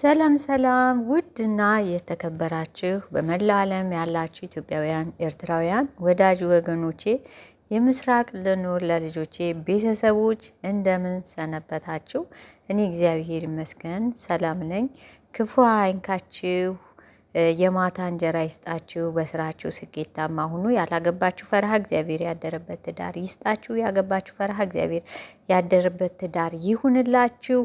ሰላም ሰላም ውድና የተከበራችሁ በመላው ዓለም ያላችሁ ኢትዮጵያውያን፣ ኤርትራውያን ወዳጅ ወገኖቼ የምስራቅ ልኑር ለልጆቼ ቤተሰቦች እንደምን ሰነበታችሁ? እኔ እግዚአብሔር ይመስገን ሰላም ነኝ። ክፉ አይንካችሁ፣ የማታ እንጀራ ይስጣችሁ፣ በስራችሁ ስኬታማ ሁኑ። ያላገባችሁ ፈረሃ እግዚአብሔር ያደረበት ትዳር ይስጣችሁ፣ ያገባችሁ ፈረሃ እግዚአብሔር ያደረበት ትዳር ይሁንላችሁ።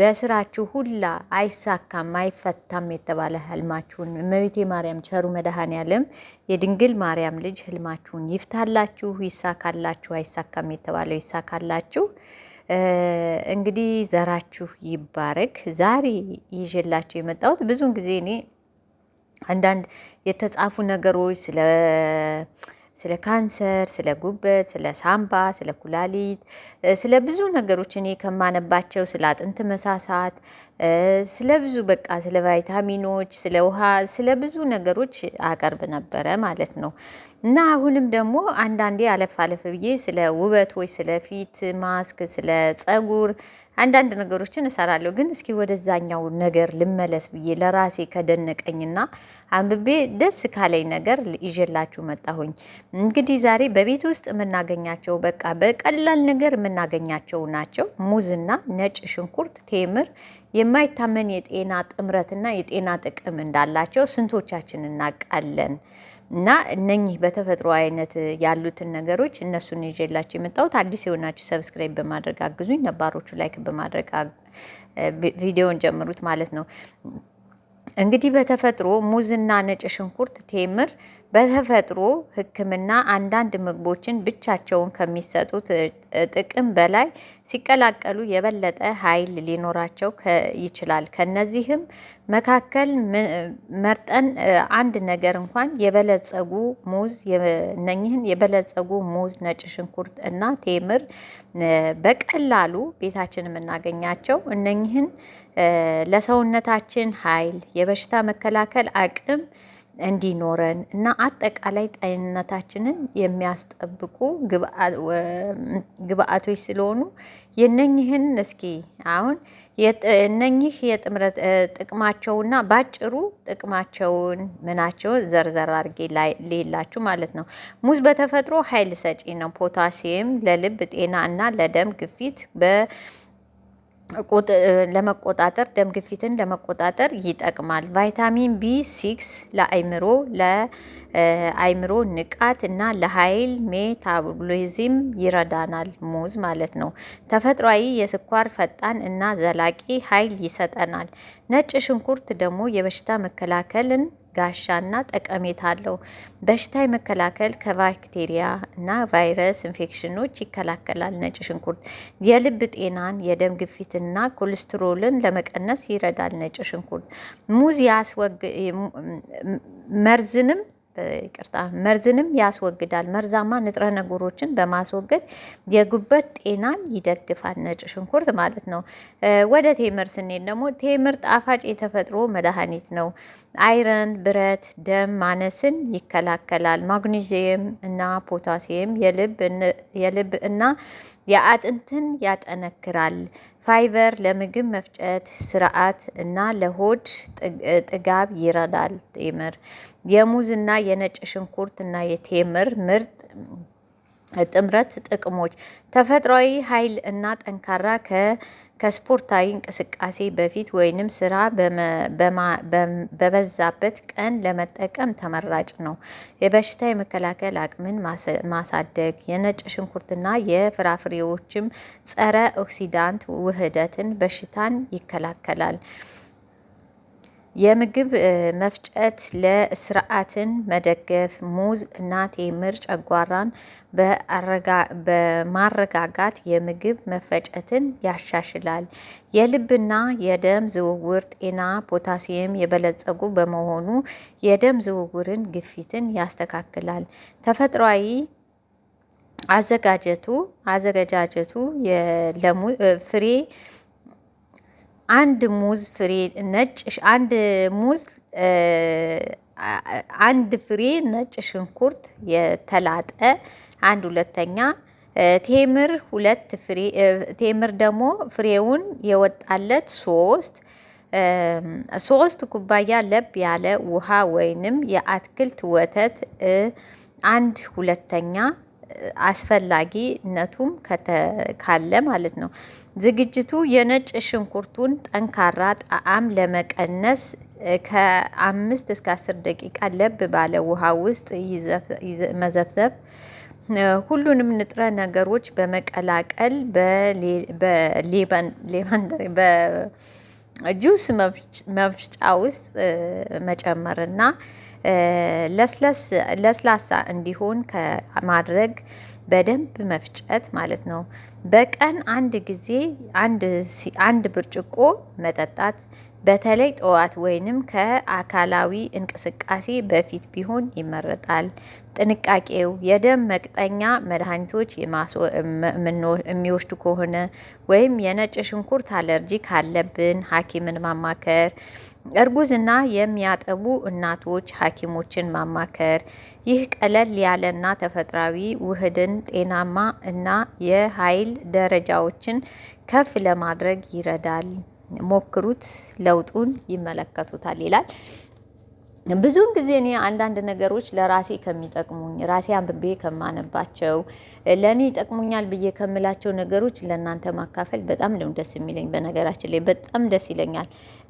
በስራችሁ ሁላ አይሳካም አይፈታም የተባለ ህልማችሁን እመቤቴ ማርያም ቸሩ መድኃኔዓለም የድንግል ማርያም ልጅ ህልማችሁን ይፍታላችሁ፣ ይሳካላችሁ። አይሳካም የተባለው ይሳካላችሁ። እንግዲህ ዘራችሁ ይባረክ። ዛሬ ይዤላችሁ የመጣሁት ብዙውን ጊዜ እኔ አንዳንድ የተጻፉ ነገሮች ስለ ስለ ካንሰር፣ ስለ ጉበት፣ ስለ ሳምባ፣ ስለ ኩላሊት፣ ስለ ብዙ ነገሮች እኔ ከማነባቸው ስለ አጥንት መሳሳት፣ ስለ ብዙ በቃ ስለ ቫይታሚኖች፣ ስለ ውሃ፣ ስለ ብዙ ነገሮች አቀርብ ነበረ ማለት ነው። እና አሁንም ደግሞ አንዳንዴ አለፍ አለፍ ብዬ ስለ ውበት ወይ ስለ ፊት ማስክ፣ ስለ ጸጉር አንዳንድ ነገሮችን እሰራለሁ። ግን እስኪ ወደዛኛው ነገር ልመለስ ብዬ ለራሴ ከደነቀኝና አንብቤ ደስ ካለኝ ነገር ይዤላችሁ መጣሁኝ። እንግዲህ ዛሬ በቤት ውስጥ የምናገኛቸው በቃ በቀላል ነገር የምናገኛቸው ናቸው። ሙዝና ነጭ ሽንኩርት፣ ቴምር የማይታመን የጤና ጥምረትና የጤና ጥቅም እንዳላቸው ስንቶቻችን እናውቃለን? እና እነኚህ በተፈጥሮ አይነት ያሉትን ነገሮች እነሱን ይዤላችሁ የመጣሁት። አዲስ የሆናችሁ ሰብስክራይብ በማድረግ አግዙኝ፣ ነባሮቹ ላይክ በማድረግ ቪዲዮን ጀምሩት ማለት ነው። እንግዲህ በተፈጥሮ ሙዝና ነጭ ሽንኩርት ቴምር በተፈጥሮ ሕክምና አንዳንድ ምግቦችን ብቻቸውን ከሚሰጡት ጥቅም በላይ ሲቀላቀሉ የበለጠ ኃይል ሊኖራቸው ይችላል። ከነዚህም መካከል መርጠን አንድ ነገር እንኳን የበለጸጉ ሙዝ እነኚህን የበለጸጉ ሙዝ፣ ነጭ ሽንኩርት እና ቴምር በቀላሉ ቤታችን የምናገኛቸው እነኚህን ለሰውነታችን ኃይል የበሽታ መከላከል አቅም እንዲኖረን እና አጠቃላይ ጤንነታችንን የሚያስጠብቁ ግብአቶች ስለሆኑ የነኝህን እስኪ አሁን እነኝህ የጥምረት ጥቅማቸውና ባጭሩ ጥቅማቸውን ምናቸውን ዘርዘር አድርጌ ሌላችሁ ማለት ነው። ሙዝ በተፈጥሮ ኃይል ሰጪ ነው። ፖታሲየም ለልብ ጤና እና ለደም ግፊት በ ለመቆጣጠር ደም ግፊትን ለመቆጣጠር ይጠቅማል። ቫይታሚን ቢ ሲክስ ለአይምሮ ለአይምሮ ንቃት እና ለኃይል ሜታቦሊዝም ይረዳናል። ሙዝ ማለት ነው። ተፈጥሯዊ የስኳር ፈጣን እና ዘላቂ ኃይል ይሰጠናል። ነጭ ሽንኩርት ደግሞ የበሽታ መከላከልን ጋሻና ጠቀሜታ አለው። በሽታ የመከላከል ከባክቴሪያ እና ቫይረስ ኢንፌክሽኖች ይከላከላል። ነጭ ሽንኩርት የልብ ጤናን፣ የደም ግፊትና ኮሌስትሮልን ለመቀነስ ይረዳል። ነጭ ሽንኩርት ሙዝ መርዝንም ይቅርታ መርዝንም ያስወግዳል። መርዛማ ንጥረ ነገሮችን በማስወገድ የጉበት ጤናን ይደግፋል። ነጭ ሽንኩርት ማለት ነው። ወደ ቴምር ስንሄድ ደግሞ ቴምር ጣፋጭ የተፈጥሮ መድኃኒት ነው። አይረን፣ ብረት፣ ደም ማነስን ይከላከላል። ማግኒዚየም እና ፖታሲየም የልብ እና የአጥንትን ያጠነክራል። ፋይበር ለምግብ መፍጨት ስርዓት እና ለሆድ ጥጋብ ይረዳል። ቴምር የሙዝ እና የነጭ ሽንኩርት እና የቴምር ምርጥ ጥምረት ጥቅሞች ተፈጥሯዊ ኃይል እና ጠንካራ ከስፖርታዊ እንቅስቃሴ በፊት ወይንም ስራ በበዛበት ቀን ለመጠቀም ተመራጭ ነው። የበሽታ የመከላከል አቅምን ማሳደግ የነጭ ሽንኩርትና የፍራፍሬዎችም ጸረ ኦክሲዳንት ውህደትን በሽታን ይከላከላል። የምግብ መፍጨት ለስርዓትን መደገፍ ሙዝ እና ቴምር ጨጓራን በማረጋጋት የምግብ መፈጨትን ያሻሽላል። የልብና የደም ዝውውር ጤና ፖታሲየም የበለጸጉ በመሆኑ የደም ዝውውርን፣ ግፊትን ያስተካክላል። ተፈጥሯዊ አዘጋጀቱ አዘገጃጀቱ ፍሬ አንድ ሙዝ ፍሬ ነጭ አንድ ሙዝ አንድ ፍሬ ነጭ ሽንኩርት የተላጠ አንድ ሁለተኛ ቴምር ሁለት ፍሬ ቴምር ደግሞ ፍሬውን የወጣለት ሶስት ሶስት ኩባያ ለብ ያለ ውሃ ወይንም የአትክልት ወተት አንድ ሁለተኛ አስፈላጊነቱም ካለ ማለት ነው። ዝግጅቱ የነጭ ሽንኩርቱን ጠንካራ ጣዕም ለመቀነስ ከአምስት እስከ አስር ደቂቃ ለብ ባለ ውሃ ውስጥ መዘፍዘፍ ሁሉንም ንጥረ ነገሮች በመቀላቀል በሌመን ጁስ መፍጫ ውስጥ መጨመርና ለስላሳ እንዲሆን ከማድረግ በደንብ መፍጨት ማለት ነው። በቀን አንድ ጊዜ አንድ ብርጭቆ መጠጣት በተለይ ጠዋት ወይንም ከአካላዊ እንቅስቃሴ በፊት ቢሆን ይመረጣል። ጥንቃቄው የደም መቅጠኛ መድኃኒቶች የሚወስዱ ከሆነ ወይም የነጭ ሽንኩርት አለርጂ ካለብን ሐኪምን ማማከር፣ እርጉዝና የሚያጠቡ እናቶች ሐኪሞችን ማማከር። ይህ ቀለል ያለና ተፈጥሯዊ ውህድን ጤናማ እና የኃይል ደረጃዎችን ከፍ ለማድረግ ይረዳል። ሞክሩት፣ ለውጡን ይመለከቱታል ይላል። ብዙውን ጊዜ እኔ አንዳንድ ነገሮች ለራሴ ከሚጠቅሙኝ ራሴ አንብቤ ከማነባቸው ለእኔ ይጠቅሙኛል ብዬ ከምላቸው ነገሮች ለእናንተ ማካፈል በጣም ነው ደስ የሚለኝ። በነገራችን ላይ በጣም ደስ ይለኛል።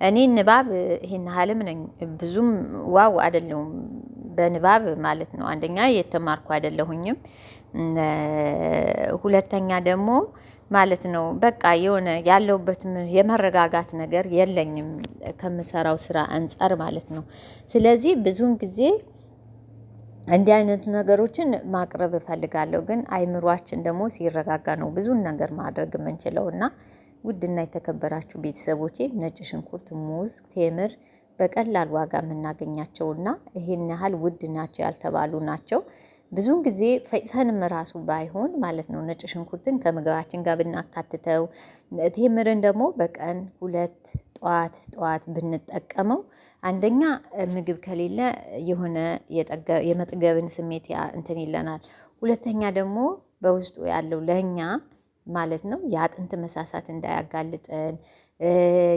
እኔ ንባብ ይህን ያህልም ነኝ ብዙም ዋው አይደለሁም በንባብ ማለት ነው። አንደኛ የተማርኩ አይደለሁኝም። ሁለተኛ ደግሞ ማለት ነው። በቃ የሆነ ያለውበት የመረጋጋት ነገር የለኝም ከምሰራው ስራ አንጻር ማለት ነው። ስለዚህ ብዙን ጊዜ እንዲህ አይነት ነገሮችን ማቅረብ እፈልጋለሁ። ግን አይምሯችን ደግሞ ሲረጋጋ ነው ብዙን ነገር ማድረግ የምንችለው እና ውድና የተከበራችሁ ቤተሰቦቼ ነጭ ሽንኩርት፣ ሙዝ፣ ቴምር በቀላል ዋጋ የምናገኛቸውና ይህን ያህል ውድ ናቸው ያልተባሉ ናቸው። ብዙውን ጊዜ ፈጭተንም ራሱ ባይሆን ማለት ነው ነጭ ሽንኩርትን ከምግባችን ጋር ብናካትተው፣ ቴምርን ደግሞ በቀን ሁለት ጠዋት ጠዋት ብንጠቀመው አንደኛ ምግብ ከሌለ የሆነ የመጥገብን ስሜት እንትን ይለናል። ሁለተኛ ደግሞ በውስጡ ያለው ለእኛ ማለት ነው የአጥንት መሳሳት እንዳያጋልጠን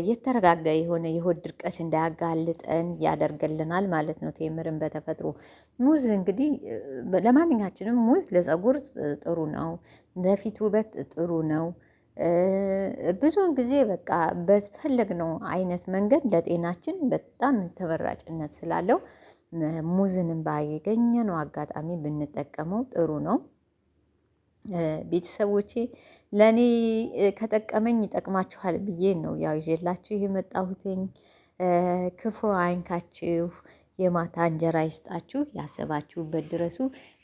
የተረጋጋ የሆነ የሆድ ድርቀት እንዳያጋልጠን ያደርግልናል ማለት ነው። ቴምርን በተፈጥሮ ሙዝ እንግዲህ ለማንኛችንም ሙዝ ለፀጉር ጥሩ ነው፣ ለፊት ውበት ጥሩ ነው። ብዙውን ጊዜ በቃ በፈለግነው አይነት መንገድ ለጤናችን በጣም ተመራጭነት ስላለው ሙዝንም ባገኘነው አጋጣሚ ብንጠቀመው ጥሩ ነው። ቤተሰቦቼ ለእኔ ከጠቀመኝ ይጠቅማችኋል ብዬ ነው ያው ይዤላችሁ የመጣሁትኝ። ክፉ አይንካችሁ፣ የማታ እንጀራ ይስጣችሁ፣ ያሰባችሁበት ድረሱ።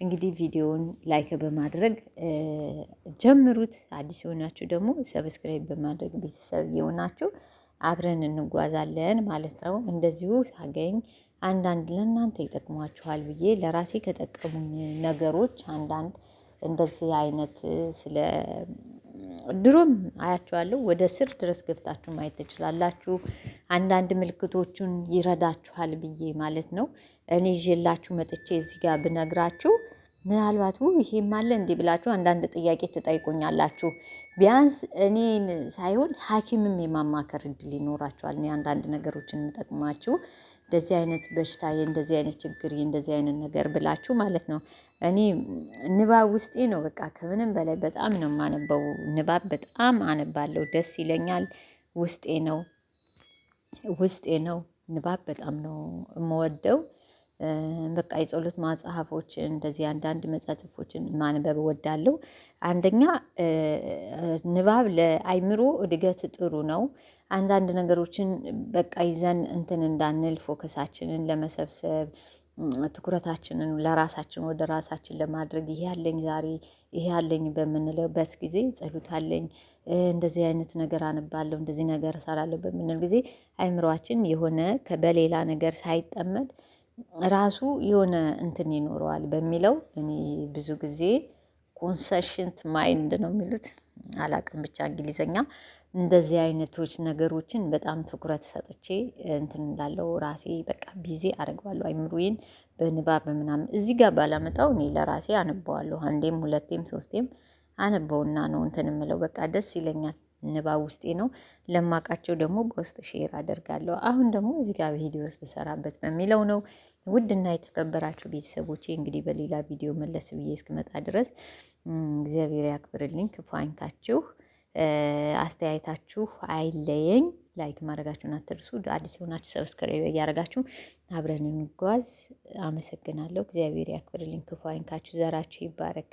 እንግዲህ ቪዲዮውን ላይክ በማድረግ ጀምሩት። አዲስ የሆናችሁ ደግሞ ሰብስክራይብ በማድረግ ቤተሰብ የሆናችሁ አብረን እንጓዛለን ማለት ነው። እንደዚሁ ሳገኝ አንዳንድ ለእናንተ ይጠቅሟችኋል ብዬ ለራሴ ከጠቀሙኝ ነገሮች አንዳንድ እንደዚህ አይነት ስለ ድሮም አያችኋለሁ ወደ ስር ድረስ ገብታችሁ ማየት ትችላላችሁ። አንዳንድ ምልክቶቹን ይረዳችኋል ብዬ ማለት ነው እኔ ይዤላችሁ መጥቼ እዚህ ጋር ብነግራችሁ ምናልባት ይሄም አለ እንዲህ ብላችሁ አንዳንድ ጥያቄ ትጠይቁኛላችሁ። ቢያንስ እኔን ሳይሆን ሐኪምም የማማከር እድል ይኖራቸዋል እኔ አንዳንድ ነገሮችን እንጠቅማችሁ እንደዚህ አይነት በሽታ፣ እንደዚህ አይነት ችግር፣ እንደዚህ አይነት ነገር ብላችሁ ማለት ነው። እኔ ንባብ ውስጤ ነው። በቃ ከምንም በላይ በጣም ነው የማነበው። ንባብ በጣም አነባለሁ፣ ደስ ይለኛል። ውስጤ ነው ውስጤ ነው። ንባብ በጣም ነው የምወደው። በቃ የጸሎት መጽሐፎችን እንደዚህ አንዳንድ መጻጽፎችን ማንበብ እወዳለሁ። አንደኛ ንባብ ለአይምሮ እድገት ጥሩ ነው። አንዳንድ ነገሮችን በቃ ይዘን እንትን እንዳንል ፎከሳችንን ለመሰብሰብ ትኩረታችንን ለራሳችን ወደ ራሳችን ለማድረግ ይሄ አለኝ ዛሬ ይሄ አለኝ በምንለበት ጊዜ ጸሎት አለኝ እንደዚህ አይነት ነገር አንባለሁ፣ እንደዚህ ነገር እሰራለሁ በምንል ጊዜ አይምሯችን የሆነ በሌላ ነገር ሳይጠመድ ራሱ የሆነ እንትን ይኖረዋል በሚለው እኔ ብዙ ጊዜ ኮንሰሽንት ማይንድ ነው የሚሉት አላቅም፣ ብቻ እንግሊዘኛ እንደዚህ አይነቶች ነገሮችን በጣም ትኩረት ሰጥቼ እንትን እንዳለው ራሴ በቃ ቢዚ አድርገዋለሁ አይምሮዬን በንባብ ምናምን እዚህ ጋር ባላመጣው እኔ ለራሴ አነበዋለሁ። አንዴም ሁለቴም ሶስቴም አነበውና ነው እንትን የምለው። በቃ ደስ ይለኛል። ንባብ ውስጤ ነው። ለማቃቸው ደግሞ በውስጥ ሼር አደርጋለሁ። አሁን ደግሞ እዚህ ጋር ቪዲዮስ ብሰራበት በሚለው ነው። ውድና የተከበራችሁ ቤተሰቦቼ እንግዲህ በሌላ ቪዲዮ መለስ ብዬ እስክመጣ ድረስ እግዚአብሔር ያክብርልኝ፣ ክፉ አይንካችሁ፣ አስተያየታችሁ አይለየኝ። ላይክ ማድረጋችሁን አትርሱ። አዲስ የሆናችሁ ሰብስክራይብ እያደረጋችሁ አብረን እንጓዝ። አመሰግናለሁ። እግዚአብሔር ያክብርልኝ፣ ክፉ አይንካችሁ፣ ዘራችሁ ይባረክ።